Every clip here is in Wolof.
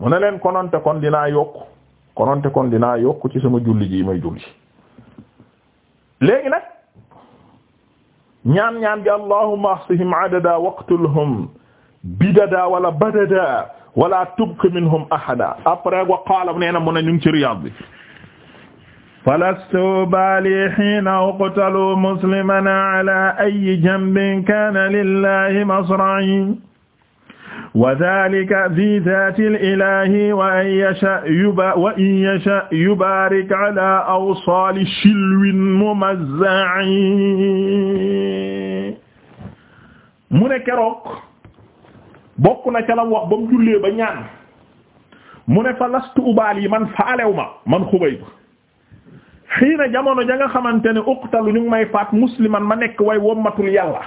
mu ne leen kononte kon dinaa yokk kononte kon dinaa yokk ci sama julli ji may julli léegi ñaan ñaan bi allahumma tubqi wa qaala nee na mu ne ñu ngi ci Riyad bi baali hiina uqtalu musliman ala ayyi jambin kana lillahi masra'i wa dhalika fi dhati al-ilahi wa an yasha yuba wa in yasha yubarik ala awsali shilwin mumazza'in mu ne keroog bokk na ca la wax ba mu jullee ba ñaan mu ne fa lastu ubaal yi man faalew ma man xubay xiina jamono ja nga xamante ne uqtalu ñu ngi may faat musliman ma nekk way wommatul yàlla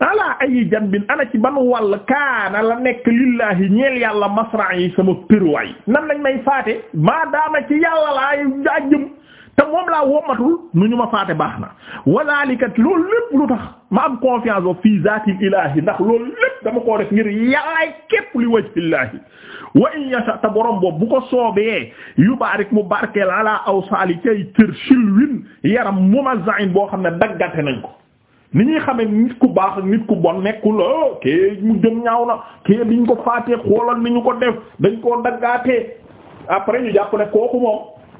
ala ayi janbin ana ci ban wàll kaana la nekk lillahi ñeel yàlla masra yi sama tërwaay nan lañ may faate maadaama ci yàlla laay jàjjum te moom laa wommatul nu ñu ma faate baax na wazalika loolu lépp lu tax ma am confiance ba fii zaati ilahi ndax loolu lépp dama koo def ngir yàllaay képp li wajhillahi wa in yasha te borom boobu bu ko soobee yubaarik mu barkeel ala awsaali cay cër silwin yaram mumazza'in boo xam ne daggante nañ ko ni ñuy xamee nit ku baax ak nit ku bon nekkul oh, kii mu jëm ñaaw na kii ñu ko faatee xoolal ni ñu ko def dañ koo daggaatee après ñu jàpp ne kooku moom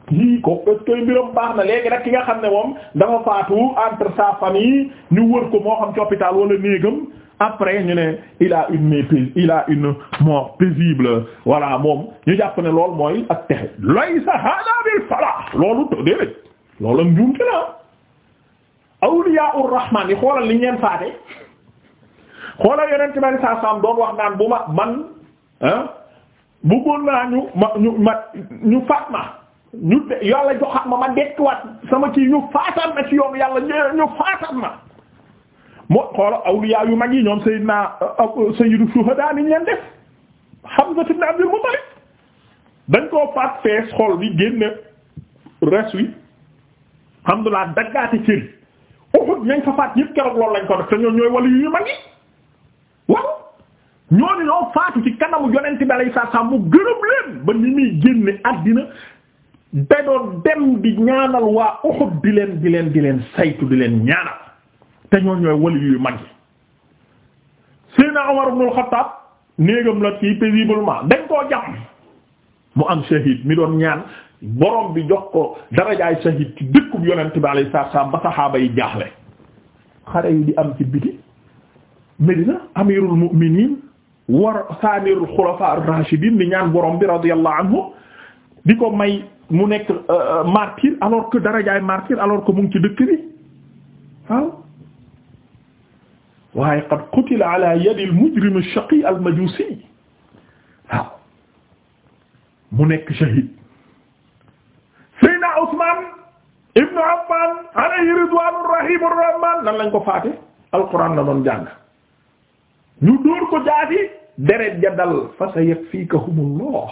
kii ko koy mbiram baax na léegi rek ki nga xam ne moom dafa faatu entre sa famille ñu wër ko moo xam ci wala néegam après ñu ne il a une méprise il a une mort paisible voilà moom ñu jàpp ne lool mooy ak texe lay sa hada bil fala loolu déedéet loolu am njuumte la awliyaa ur yi xoolal li ngeen faate xoolal yonent bi sallallahu doon wax naan bu ma man ah bëggoon naa ñu ma ñu ma ñu faat ma ñu yàlla joxaat ma ma dekkiwaat sama ci ñu faataat ma ci yoonu yàlla ñu faataat ma moo xoola awliyaa yu mag yi ñoom sayyidina euh, euh, sayyidu shuhada ni ñu leen def Hamza ibn Abdul Muttalib dañ koo faat fees xol bi génne res wi alhamdulillah daggaati cëri Uhud ñañ fa faat yëpp keroog loolu lañ ko def te ñoom ñooy waliyu yu mag yi waaw ñooñu ñoo faatu ci kanamu yonent bi alayhi salaam mu gërëm leen ba ni muy génne àddina da doon dem di ñaanal waa Uhud di leen di leen di leen saytu di leen ñaanal te ñooñu ñooy waliyu yu mag yi. Seydina Umar ibn al néegam la kii paisiblement dañ koo jàpp mu am shahid mi doon ñaan. borom bi jox ko darajaay shahid ci dëkkub yonent bi alayhi salaatu ba saxaaba yi jaaxle xare yi di am ci biti Medina amirul mu'minin war saanirul xulafa ko may mu nekk euh, euh, martyr alors que darajaay martyr alors que mu ngi ci dëkk bi waaw waaye qad qutila ala yadi al shaqi al-majusi nekk shahid Seydina Usmaan ibnu Affaan alayhi ridwaanu rahiimu rahmaan nan lañ ko faate alquran la doon jàng ñu dóor ko jaati deret ja dal fa sa yakfiikahumullah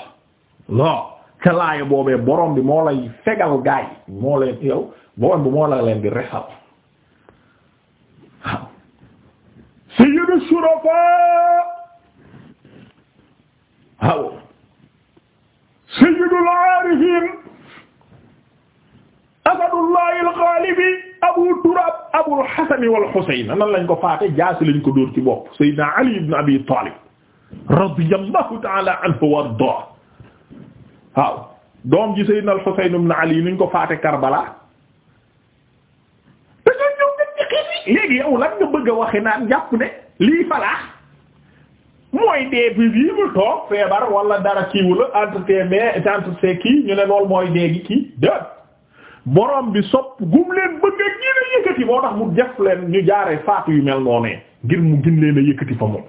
loo ca laaya boobee borom bi moo lay fegal gaay moo leen yow borom bi moo la leen di resal waaw sayyidu shurafaa waaw sayyidul aarifiin asadullahi alxaalibi abu turab abul xasani wal xusayn nan lañ ko faate jaasi lañ ko dóor ci bopp sayyidina ali ibn abi talib radiyallahu ta'ala anhu wa ardaa waaw doom ji sayyidina al xusayn ibn ali nuñ ko faate karbala te ñun bëgg a waxe naan jàpp ne lii falaax mooy dee bi bii mu toog feebar wala dara kiiwula entre tes mais entre ses kii ñu ne lool mooy dee gi kii dëgg borom bi sopp gum leen bëgg a gën a yëkkati moo tax mu def leen ñu jaaree faatu yu mel noonee ngir mu gën leen a yëkkati fa moom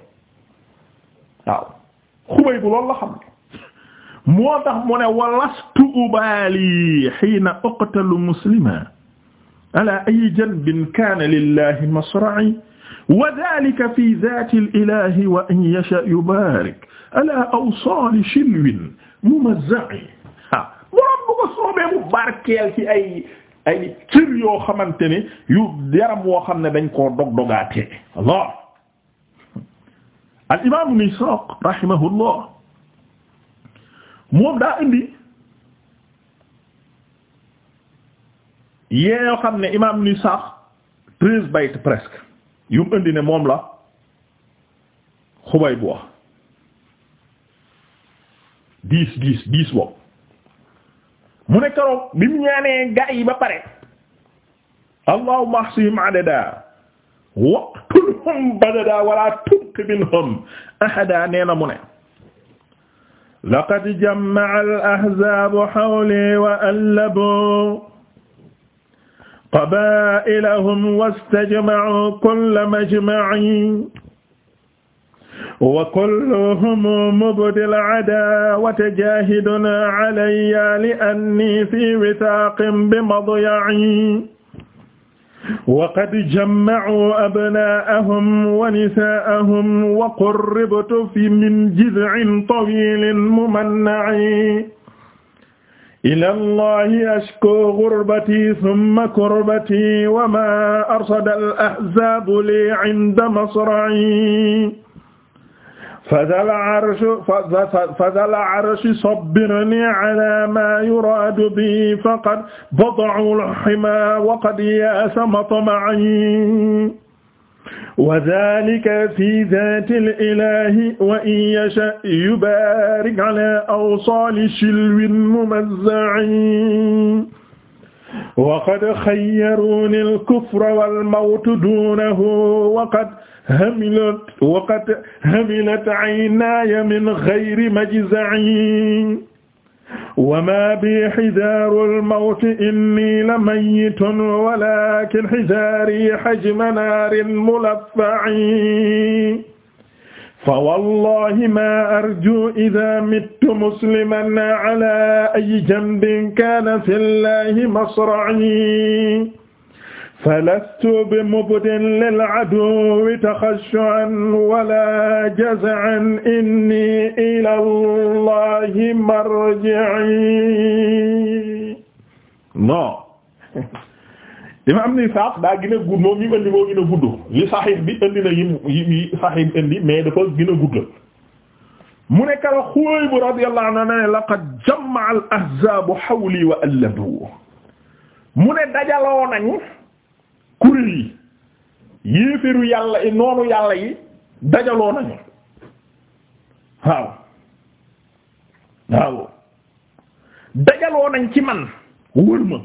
waaw xubay bu loolu la xam ne moo tax mu ne walastu ubaali xiina uqtalu muslima ala ay janbin kaana lillahi masra'i wa dhalika fi dhati al-ilahi wa in yasha yubarik ala awsal shilwin mumazza'i bu ko soobee mu barkeel ci ay ay cër yoo xamante ni yu yaram woo xam ne dañ koo dog dogaatee Allah al imam ibn Isaaq moom daa indi yee yoo xam ne imam ibn Isaaq presque yu mu indi ne moom la xubay bu wax dix dix dix boobu mu ne keroog bi mu ñaanee gaa yi ba pare allahumma ahsihim adada waqtulhum badada wala tubq minhum ahada nee na mu ne laqad jamma'a al-ahzaabu hawli wa allabu qabaa'ilahum wastajma'u kulla majma'in wa kulluhum mubdil adaawati jaahidun alayya li anni fi withaaqin bi madya'i wa qad jamma'u abnaa'ahum wa nisaa'ahum wa qurribtu fi min jiz'in tawiilin mumanna'i ila allahi ashku gurbati thumma kurbati wa ma arsada al ahzaabu li 'inda masra'i fazal arsu fazal arsu sabbirni ala ma yuraadu bi faqad bada'u al-hima wa qad yaasa matma'i wa zaalika fi zaati al-ilaahi wa in yasha' yubaarik ala awsaali shilwin mumazza'i wa qad khayyaruni al-kufra wal mawta duunahu wa qad hamilat waqat hamilat aynaaya min ghayri majza'in wa maa bi hidaarul mawti innii lamayyitun walaakin hidaarii hajma naarin mulaffa'in fawallaahi maa arjuu izaa mittu musliman alaa ayyi janbin kaana fillaahi masra'ii falastu bi mubdin lil aduwwi taxassu'an wala jaz'an inni ila Allahi marji'i non imaam Ibn Isxaaq daa gën a gudd moom yi mu indi moo gën a gudd li saxiix bi indi na yim yi saxiix indi mais dafa gën a gudd mu ne kala Xuwayb radiyallahu anhu laqad jama'a al-ahzaabu hawli wa allabu mu ne dajaloo nañu kuréel yi yéeféeru yàlla yi noonu yàlla yi dajaloo nañu waaw waaw dajaloo nañ ci man wër ma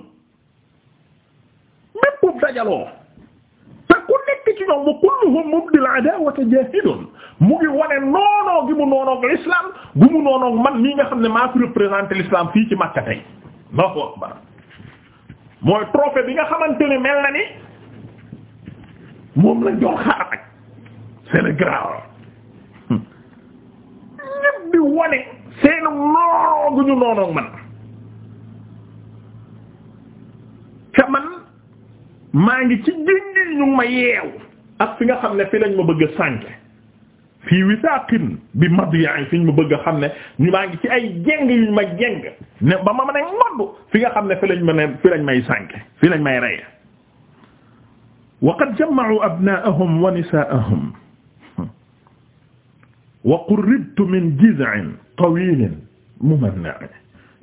mépp dajaloo te ku nekk ci ñoom wa kulluhum mubdil adawati jahidun mu ngi wane noonoo gi mu noonoog l'islam gu mu noonoog man mii nga xam ne maa fi représenté l'islam fii ci Makka tey mooy trophée bi nga xamante mel na ni moom lañ doon xaar nag c'est le grand ñëpp di ñu noonoog man ca man maa ngi ci génn ñu ma yeew ak fi nga xam ne fi lañ ma bëgg a sànk fii wisaaqin bi madiyaay fi ñu ma bëgg a xam ne ñu maa ngi ci ay jeng yuñ ma jeng ne ba ma mën a ngoddu fi nga xam ne fi lañ ma ne fi lañ may sànk fi lañ may rey wa qad jamma'u abnaa'ahum wa nisaa'ahum wa qurribtu min jiz'in tawiilin mumanna'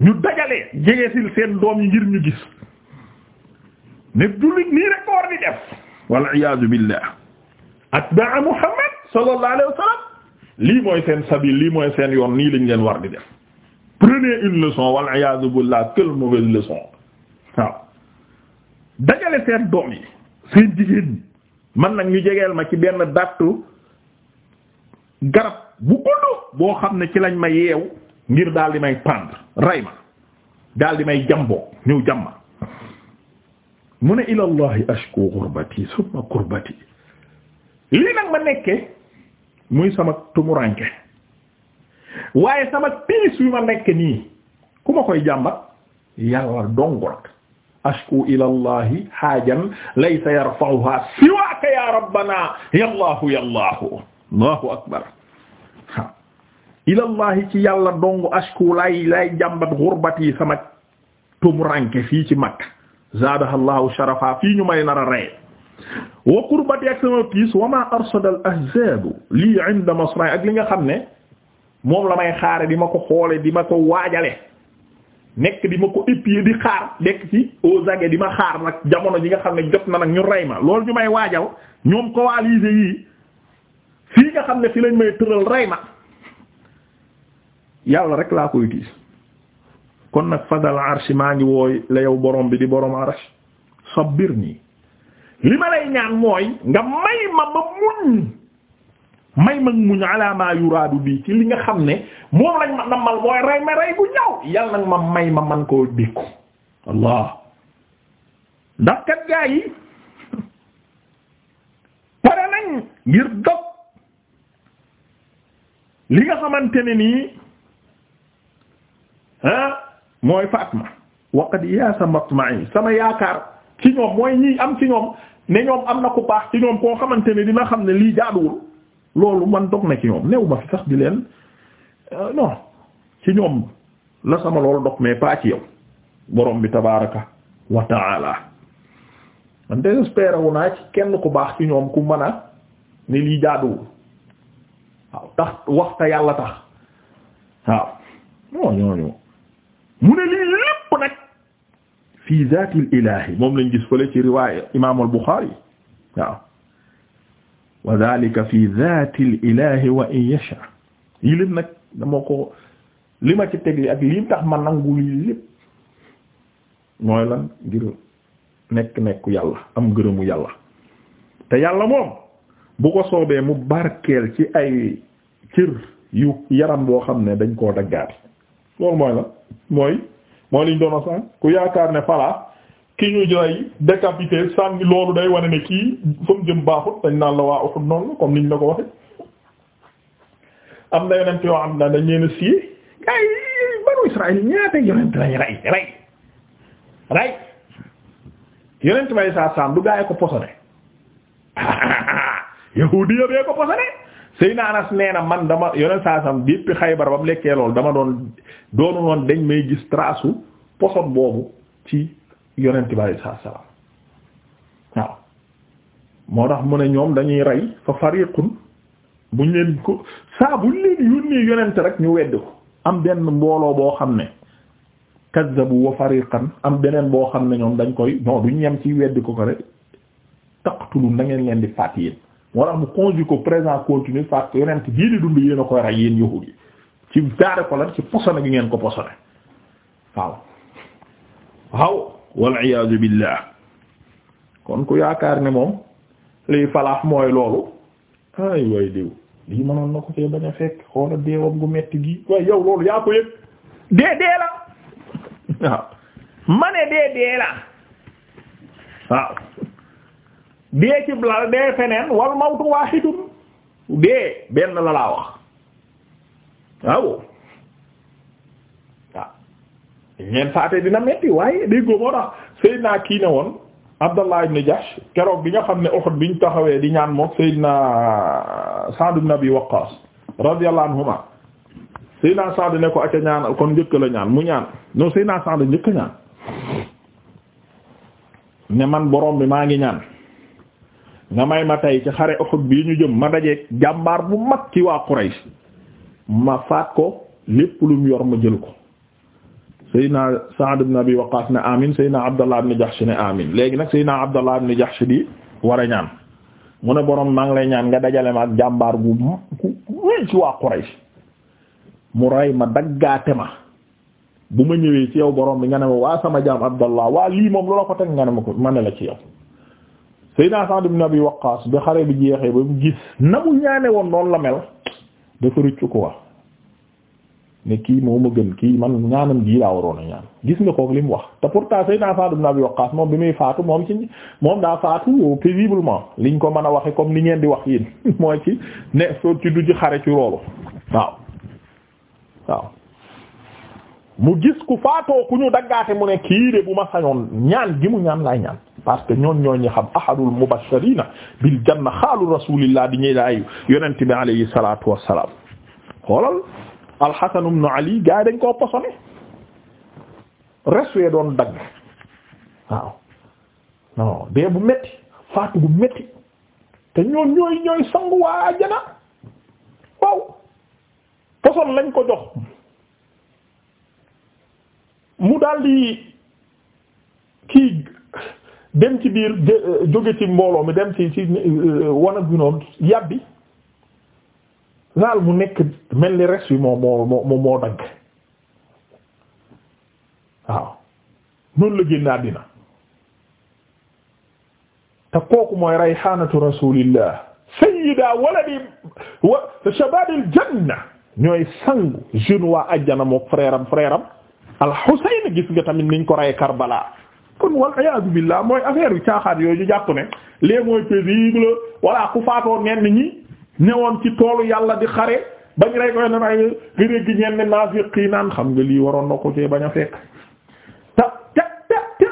ñu dajalee jegesil seen doom yi ngir ñu gis ne duli nii rek war di def wal iyaazu billah atba'a Muhammad sallallahu alayhi wa sallam lii mooy seen sabil lii mooy seen yoon nii lañ leen war di def prenez une leçon wal iyaazu billah quelle mauvaise leçon waaw dajale seen doom yi seen jigéen man nag ñu jegeel ma ci benn dattu garab bu gudd boo xam ne ci lañ ma yeew ngir daal di may pendre ray ma daal di may jamboo ñëw jàmma mu ne ilallahi ashku gurbati summa gurbati lii nag ma nekke muy sama tumuranke waaye sama tiis wi ma nekk nii ku ma koy jàmbat yàlla dongorag ashku ila allahi haajan laysa yarfa'uha siwaaka ya rabbana yallaahu yallaahu allahu akbar ila allahi ci yàlla dong ashku lay lay jàmbat gurbati sama tumuranke fii ci Makka zaadaha allahu sharafa fii ñu may nar a rey wa qurbati ak sama piis wa ma arsada al ahzab lii inda masra'i ak li nga xam ne moom la may xaare di ma ko xoole di ma ko waajale nekk di ma ko épier di xaar nekk ci aux aguets di ma xaar nag jamono ji nga xam ne jot na nag ñu rey ma loolu ñu may waajal ñoom coalisé yii fii nga xam ne fi lañ may tëral rey ma yàlla rek laa koy diis kon nag fadal arshi maa ngi wooy la yow borom bi di borom arsh sabbir nii li ma lay ñaan mooy nga may ma ba muñ may mag muñ ala ma yuraadu bi ci li nga xam ne moom lañ ma nammal mooy rey ma rey bu ñaw yal nag ma may ma man koo dékku allah ndax kat gaa yi pare nañ ngir dog li nga xamante ne nii ah mooy yi Fatma waqad yaasa yi sama yaakaar ci ñoom mooy ñi am ci ñoom ne ñoom am na ko baax ci ñoom koo xamante ne dina xam ne lii jaaduwul loolu man dog na ci ñoom néew ma fi sax di leen euh, non ci ñoom la sama loolu dog mais pas ci yow borom bi tabaraka wa taala man désespéré naa ci kenn ku baax ci ñoom ku mën a ni lii jaaduwul waaw tax waxta yàlla tax waaw non ñooñu mu ne lii lépp nag fii zaatil ilaahi moom lañ gis fële ci riwaaya imaamul Buxaari waaw wa dhalika fi dhati l wa in yasha yi nag dama ko li ma ci tegli ak lii tax ma nangu lii lépp mooy lan ngir nekk nekku yàlla am ngërëmu yàlla te yàlla moom bu ko soobee mu barkeel ci ay cër yu yaram boo xam ne dañ koo daggaat loolu mooy lan mooy mooy liñ doon a sànq ku yaakaar ne falaa ki ñu jëray décapité sànni loolu day wane ne kii fa mu jëm baaxut dañ naan la waa Uhud noonu comme niñ la ko waxe am na yonent yoo am na dañ leen sii ay banu Israël ñaata yonent lañ rey rey rey yonent bay saa saam du gaay ko posone yahuudi ya bee ko posone Seyna Anas nee na man dama yonent saa saam déppi Xaybar ba mu lekkee loolu dama doon doonu noon dañ may gis trasu poson boobu ci yonent bi alayhi salaam waaw moo tax mu ne ñoom dañuy rey fa fariqun buñ leen ko saa buñ leen yonent rek ñu wedd ko am benn mbooloo boo xam ne kazzabu wa fariqan am beneen boo xam ne ñoom dañ koy non duñ yem ci weddi ko ko rek taqtulun da ngeen leen di faat yéen moo tax mu conjugué ko présent continu faat ko yonent bii di dund yéen a koy rey yéen yahuud yi ci daare ko lan ci posone gi ngeen ko posone waaw waaw wal iyaazu billah kon ku yaakaar ne moom liy palaax mooy loolu ay way diw lii mënoon na ko cee bañ a fekk xoola deewam gu metti gi waaye yow loolu yaa ko yëg dee dee la waaw ma dee dee la waaw dee ci blal dee feneen wal mawtu waahidun dee benn la wax waaw ñeent faate dina metti waaye déggoo moo tax Seydina kii ne woon Abdallah ibn Jahsh keroog bi nga xam ne Uhud biñ taxawee di ñaan mook Seydina Sa'd ibn Abi Waqqas radiyallahu anhuma Seydina Sa'd ne ko acca ñaan kon njëkk la ñaan mu ñaan non Seydina Sa'd njëkk ñaan ne man borom bi maa ngi ñaan nga may ma tey ci xare Uhud bi ñu jëm ma dajeek jàmbaar bu mag ci waa Quraysh ma faat ko lépp lum yor ma jël ko Seydina Sa'd ibn Abi Waqqas ne amin Seydina Abdallah ibn Jahsh ne amin léegi nag Seydina Abdallah ibn Jahsh di war a ñaan mu ne borom maa ngi lay ñaan nga dajale ma ak jàmbaar gu wéy ci waa Quraysh mu rey ma daggaate ma bu ma ñëwee ci yow borom bi nga ne ma waa sama jaam Abdallah waa lii moom loola ko teg nga ne ma ko ma ne la ci yow Seydina Sa'd ibn Abi Waqqas bi xare bi jeexee ba mu gis na mu ñaane woon noonu la mel dafa rëccu ko wax ne kii moo ma gën kii man ñaanam gii laa waroon a ñaan gis nga kook li mu wax te pourtant Seydina Sa'd ibn Abi Waqqas moom bi muy faatu moom ci moom daa faatu paisiblement liñ ko mën a waxe comme li ngeen di wax yéen mooy ci ne soo ci du ci xare ci loolu waaw waaw mu gis ku faatoo ku ñu daggaate mu ne kii de bu ma sañoon ñaan gi mu ñaan laay ñaan parce que ñoon ñoo ñi xam ahadul mubashirina bil janna xaalu rasulillah di ñuy daay yonent bi alayhi alxasan ibn ali gars yi dañ koo posone reswee doon dagg waaw non dee bu metti faatu bu metti te ñoon ñooy ñooy sangu waa ajjana waaw poson lañ ko jox mu daldi kii dem ci biir jóge ci mbooloo mi dem ci ci euh, wanag wi noonu yàbbi laal mu nekk mel ni res bi moo moo moo moo dagg waaw noonu la génn àddina te kooku mooy rayhanatu rasulillah sayyida waladi wa shababil janna ñooy sangu jeune waa ajjana mook frère am frère am al gis nga tamit niñ ko rey Karbala kon wal iyaazu billah mooy affaire caaxaat yooyu ñu jàpp ne lee mooy paisible walla ku faatoo nenn ñi newoon ci toolu yàlla di xare bañ rey koy nan ay naan xam nga lii waroon na ko ci bañ a fekk ta ta ta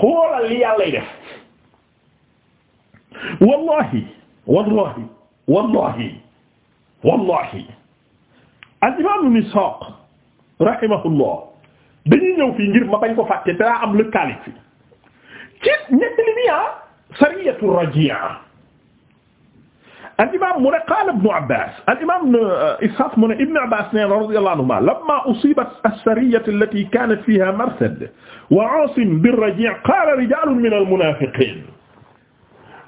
xoolal li yàllay def wallahi wallahi wallahi wallahi al imam ibn Ishaq dañuy ñëw fii ngir ma bañ ko fàtte te daa am lëkkaalik fi ci ñett li mi ah, sariyatu raji'a al imam mu ne qaala ibnu abbas al imam euh, ishaq mu ne ibnu abbas ne radiyallahu anhuma lamma usibat as-sariyatu allati kanat fiha marsad wa aasim bir-raji' qaala rijalun min al-munafiqin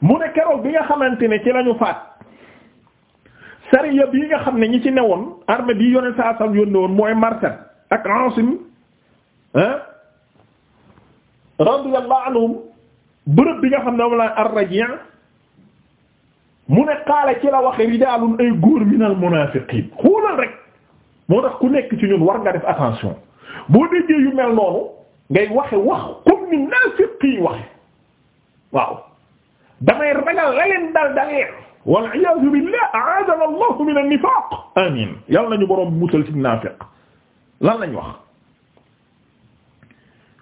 mu ne keroog bi nga xamante ne ci lañu faat sariya bii nga xam ne ñi ci newoon armée bi yoneen saa sam yónne woon mooy marsad ak aasim ah radiyallahu anhum bërëb bi nga xam ne moom la ar-raji' mu ne xaala ci la waxe rijaalun ay góor minal munaafiqiin xoolal rek moo tax ku nekk ci ñun war nga def attention boo déggee yu mel noonu ngay waxe wax comme ni naafiqi waxe waaw damay ragal la leen dal daleen wal iyaazu billaah a'aadana allahu min an-nifaaq amiin yal nañu boroom musal ci naafiq lan lañ wax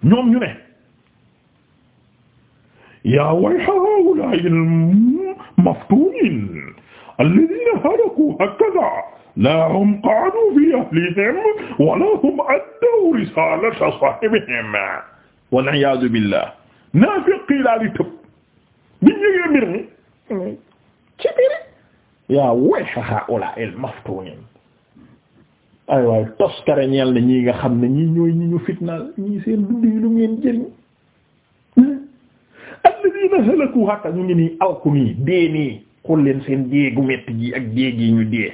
ñoom ñu ne yaa way hawla maftunin alladina halaku hakaza la hum qaadu fi ahlihim wala hum addaw risalata sahibihim wal iyaadu billah naafiq yi daal di tëb biñ yëgee mbir mi ci biir yaa wayha haa'ulaa al maftunin ay waay toskare ñeel na ñii nga xam ne ñii ñooy ñi ñu fitnaal ñii seen dund yi lu ngeen jëriñ alladina halaku hatta ñu ngi nii alku nii dee nii xool seen dee gu metti gi ak dee gi ñu dee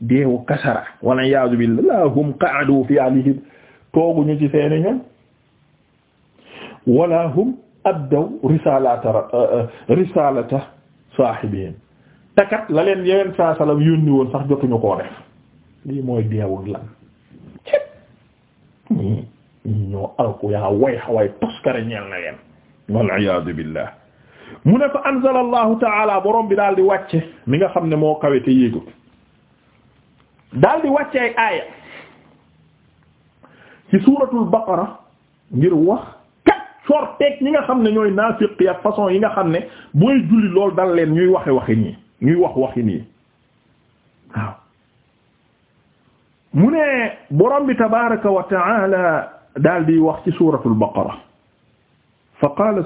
deewu kasara wala yaazu billah hum qa'adu fi alihim tooguñu ci seeni ñoñ wala hum addaw risalata risalata sahibihim takat la leen yeneen saa yónni woon sax jotuñu ko def lii mooy deewul lan ñii ñoo alku yaa way xawaay toskare ñeel leen wal iyaadu billah mu ne fa anzala allahu taala borom bi daal di wàcce mi nga xam ne moo kawe te yéegut daal di wàcce ay aaya ci suuratul baqara ngir wax kat sorteeg ñi nga xam ne ñooy naafiq yi ak façon yi nga xam ne booy julli lool dal leen ñuy waxe waxi nii wax waxi nii waaw mu ne borom bi tabaraka wa taala daal di wax ci suuratul baqara fa qaala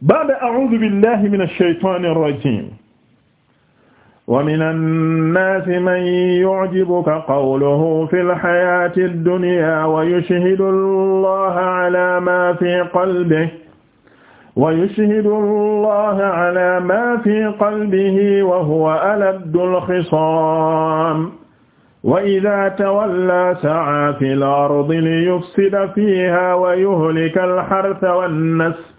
baada a'uudu billahi mina shaytaani rajiim wa mina nnaasi man yu'jibuka qawluhu fil hayaati dunyaa wa yushhidu llaaha alaa maa fii qalbihi wa yushhidu llaaha alaa maa fii qalbihi wa huwa aladdul khisaam wa izaa tawallaa sa'aa fil ardi liyufsida fiihaa wa yuhlikal harsa wan nasl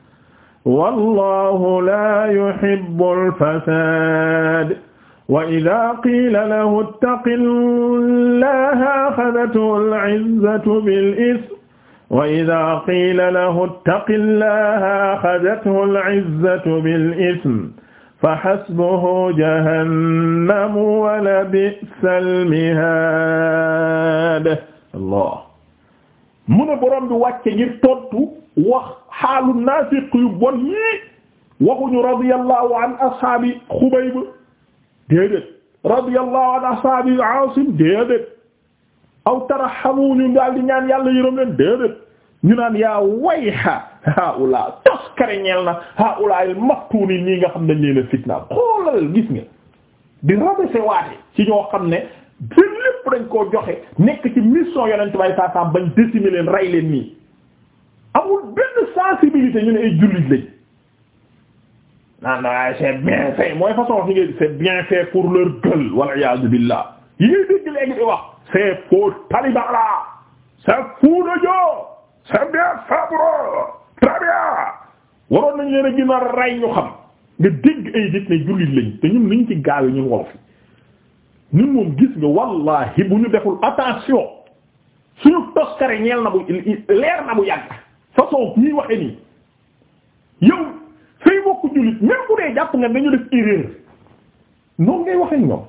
wallahu la yuhibbu al-fasad wa idha qila lahu ittaqillaha akhadhathu al-'izzatu bil-ithm wa idha qila lahu ittaqillaha akhadhathu al-'izzatu bil-ithm fa hasbuhu jahannamu wa la bi'sa al-mihaad Allah mu ne borom bi wàcce ngir tontu wax xaalu naafiq yu bon yii waxuñu radiyallahu an ashaabi xubayb déedéet radiyallahu an ashaabi aasim déedéet aw taraxamu ñu daal di ñaan yàlla yërëm leen déedéet ñu naan yaa wayha haula toskare ñeel na haula al maftuuni ñii nga xam dañ leen a fitna xoolal gis nga di rabase waate ci ñoo xam ne dañ koo joxe nekk ci mission yonent bay saa saa bañ décimer leen rey leen nii amul benn sensibilité ñu ne ay jullit lañ naan na c'est bien fait mooy façon fi nga c'est bien fait pour leur gueule wal iyaazu billah yi ngay dégg di wax c'est faux taliban là c'est fou de Dieu c'est bien fabre très waroon nañ leen a gën a ñu xam nga dégg ay nit ne jullit lañ te ñun niñ ci gaawe ñun wolof ñun moom gis nga wallahi bu ñu deful attention suñu toskare ñeel na bu leer na bu yàgg façon ñuy waxe nii yow say bokk jullit même bu dee jàpp nga dañu def erreur noonu ngay waxe ñoom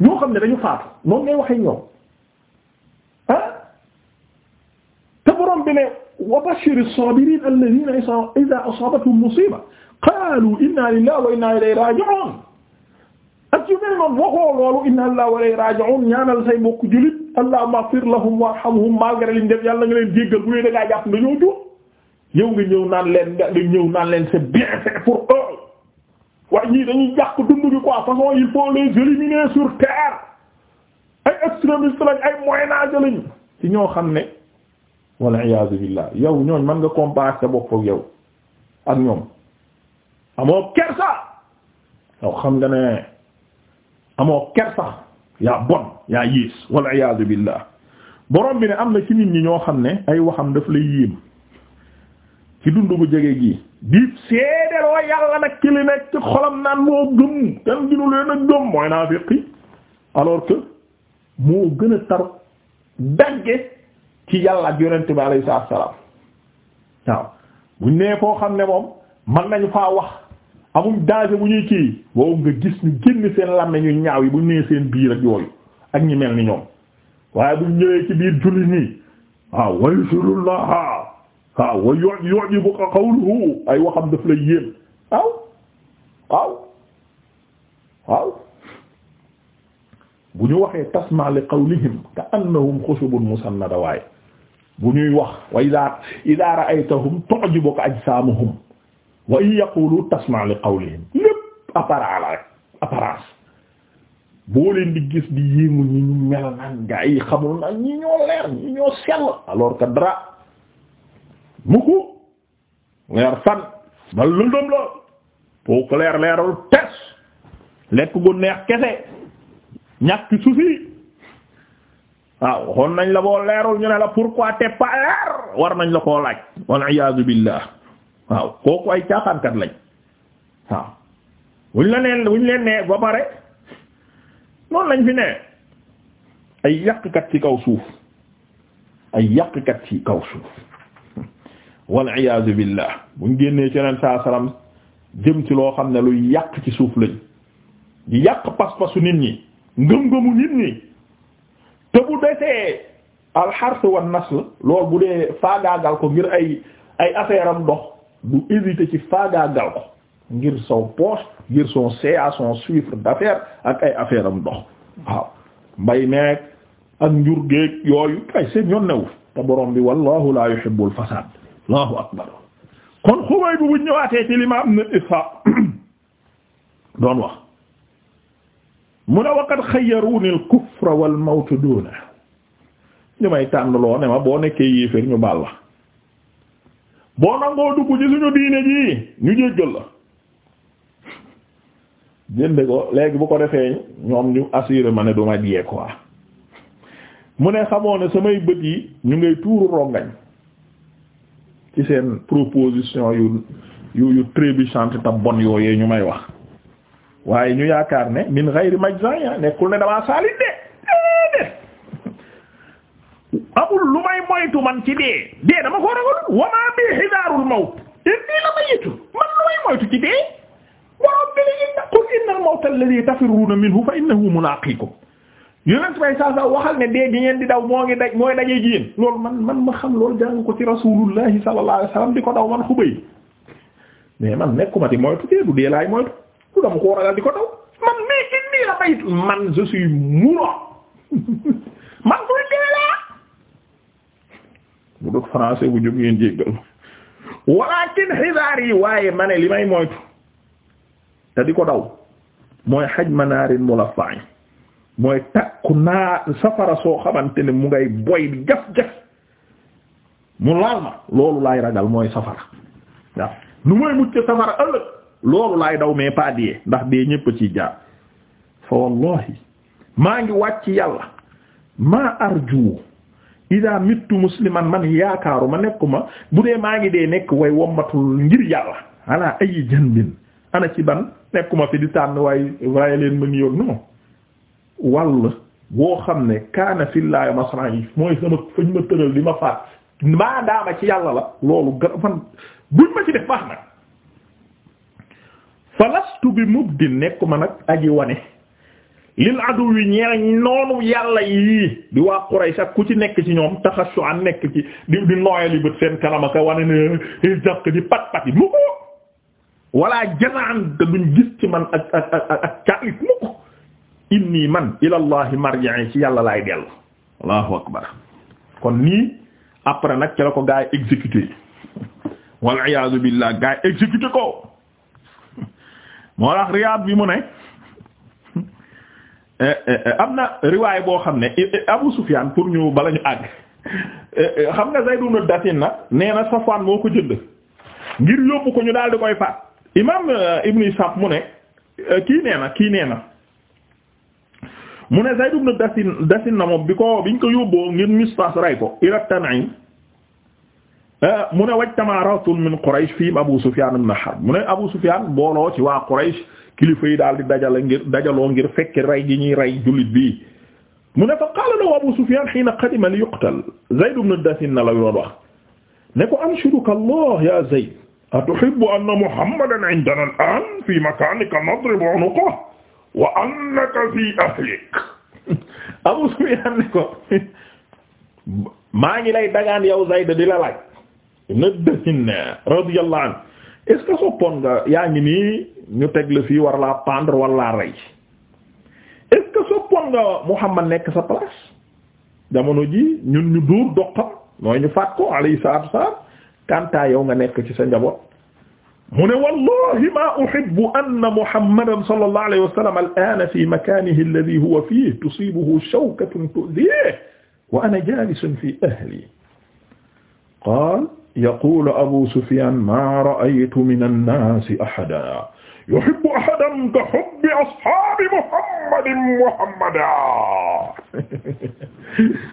ñoo xam ne dañu faatu noonu ngay waxe ñoom ah te borom bi ne wa bashiri sabirin alladhina idha asabathum musiba qalu inna lillahi wa inna ilayhi raji'un ak yu mel noonu waxoo loolu inna allah wa raji'un ñaanal say mbokk jullit allahumma ighfir lahum warhamhum malgré liñ def yàlla nga leen jéggal bu leen da ngaa jàpp dañoo jóg yow nga ñëw naan leen nga ñëw naan leen c'est bien fait pour eux waaye ñii dañuy jàpp dund bi quoi façon il faut les éliminer sur terre ay extrémistes lañ ay moyen âge lañ ci ñoo xam ne walla iyaazu billah yow ñooñ mën nga comparer sa bopp yow ak ñoom amoo kersa yow xam amoo ker sax yaa bon yaa yiis wal iyaadu billah borom bi ne am na ci nit ñi ñoo xam ne ay waxam daf lay yéem ci dundu bu jege gi di seedeloo yàlla nag ci li nekk ci xolam naan moo gëm kenn ginu leen a gëm mooy naafiqi alors que moo gën a taru dagge ci yàlla ak bi alayhi salaam waaw buñ nee koo xam ne moom man nañu faa wax amuñ danger bu ñuy kii boobu nga gis ñu génn seen làmme ñu ñaaw yi bu ñu nee seen biir ak yooyu ak ñi mel ni ñoom waaye bu ñu ñëwee ci biir jullit ñi ah, ah, ah, waaw wayu surullah waaw way yooj yooj yi bu waaw waaw bu ñu waxee tasma li qawlihim ka annahum xushubun musannada waaye bu ñuy wax wa ida ida ra'aytahum tu'jibuka ajsaamuhum wa in yaqulu tasma' li qawlihim lépp apparat la rek di gis di yéemu ñi ñu mel naan gaa yi xamul naan ñi ñoo leer ñi ñoo sell alors que dara muku leer fan ba lëndëm la pour que leer leerul tes lekk gu neex kese ñàkk suufi ah, waaw nañ la boo leerul ñu ne la pourquoi t'es pas leer war nañ la koo laaj wal iyaadu billah waaw kooku ay caaxaankat lañ waaw wuñ la neen wuñ leen nee ba pare noonu lañ fi nee ay yàqkat ci kaw suuf ay yàqkat ci kaw suuf wal iyaazu billah buñ génnee ci yeneen saa salaam jëm ci loo xam ne lu yàq ci suuf lañ di yàq pas-pasu nit ñi ngëm-ngëmu nit ñi te bu desee alxarsu wan nasl lool bu dee faagaagal ko ngir ay ay affaire am dox du hésiter ci faagaagal ko ngir son poche ngir son CA son chiffre d'affaires ak ay affaire dox waaw mbay meeg ak njur géeg yooyu kay seen yoon new te borom bi wallahu la yuhibbul fasad allahu akbar kon xubay bu buñ ñëwaatee ci limaam na Ishaq doon wax mu ne waqad xayyaruni al kufra wal mawt duna ñu may ne ma boo nekkee yéeféer ñu baal la boo nangoo dugg ci suñu diine ji ñu jéggal la jënde ko léegi bu ko defee ñoom ñu assuré ma ne du duma jiyee quoi mu ne xamoo samay bët yi ñu ngay tuuru rongañ ci seen proposition yu yu bi trébuchante ta bon yooyee ñu may wax waaye ñu yaakaar ne min ghayri majzan nekkul ne damaa saalit de amul lu may moytu man ci dee dee dama ko ragalul wamaa tafirruuna minhu fa innahu mulaaqiikum yonent bay saa saa waxal ne dee gi ngeen di daw moo ngi daj mooy dajee gi yéen loolu man man ma xam loolu jàng ko ci rasuulullahi sallallahu alayhi wasallam di ko daw man xubay mais man nekkuma di moytu dee du dee laay moytu du dama ko war a di ko daw man mais inni la bayit man je suis mourant man koy dee laa bu dog français bu jóg ngeen jéggal walakin xibaar yi waaye ma ne li may moytu te di ko daw mooy xaj ma naarin mulaffa'i mooy takku naa safara soo xamante ne mu ngay boy bi jaf mu laal ma loolu laay ragal mooy safara waaw nu mooy mucc safara ëllëg loolu laay daw mais pas ndax dee ñëpp ci jaar fa wallahi maa ngi wàcc yàlla maa arju ida mittu musliman man yaakaaru ma nekkuma bu dee maa ngi dee nekk way wommatul ngir yàlla ala ay janbin ana ci ban nekkuma fi di tànn waaye waaye leen ma ngi yoog non wàll boo xam ne kaana fillahi masran yi mooy sama fañ ma tëral di ma faat maa daama ci yàlla la loolu ga fan buñ ma ci def baax nag falastu bi mubdi nekkuma nag aji wane lil adu wi ñeel noonu yàlla yii di waa Quraysh ak ku ci nekk ci ñoom taxashu an nekk ci di di nooyal bët seen kanam ak wane ne eh, jàq di pat pat yi mu ko wala jazaan te duñ gis ci man ak ak ak ak caalit mukk inni man ilallahi marji'i ci yàlla laay dellu allahu akbar kon nii après nag ci la ko gaa yi exécuté wal iyaazu billah gaa yi exécuté ko moo tax Riyaad bi mu ne eh, eh, eh, am na riwaay boo xam ne Abu Sufyaan pour ñu bala ñu àgg xam nga Zayd ibn na nee na Safwaan moo ko jënd ngir yóbbu ko ñu daal koy faat imaam euh, Ibn Ishaq mu ne euh, kii nee na kii nee na mu ne Zayd ibn Dasin Dasin na moom bi ko biñ ko yóbboo ngir Mistas ray ko ila Tan'im euh, mu ne wajtama ratun min Quraysh fihim Abu Sufyan ibn Harb mu ne Abu Sufyan booloo ci waa Quraysh kilifa yi daal di dajale ngir dajaloo ngir fekk rey gi ñuy rey jullit bi mu ne fa qaala lahu Abu Sufyan hina qadima li yuqtal Zayd ibn Dasin na la yoon wax ne ko anshuduka Allah ya Zayd atuhibbu anna muhammadan indana al'an fi makanika nadribu unuqahu wa annaka fi ahlik Abu Sufyan ne maa ngi lay dagaan yow Zayd di la laaj na dëhin radiyallahu anhu est-ce que soppoon yaa ngi nii ñu teg fii war laa pendre war laa rey est-ce que soppoon Muhammad nekk sa place jamono ji ñun ñu dóor doqam mooy ñu faat ko alayhi salaatu wa kanta yow nga nekk ci sa njaboot mu ne wallahi ma uhibbu anna muhammadan sallallahu alayhi wa sallam al'ana fi makanihi alladhi huwa fihi tusibuhu shawkatun tu'dhihi wa ana jalisun fi ahli qala yaqulu abu sufyan ma ra'aytu min an-nasi ahadan yuhibbu ahadan ka hubbi ashabi muhammadin muhammadan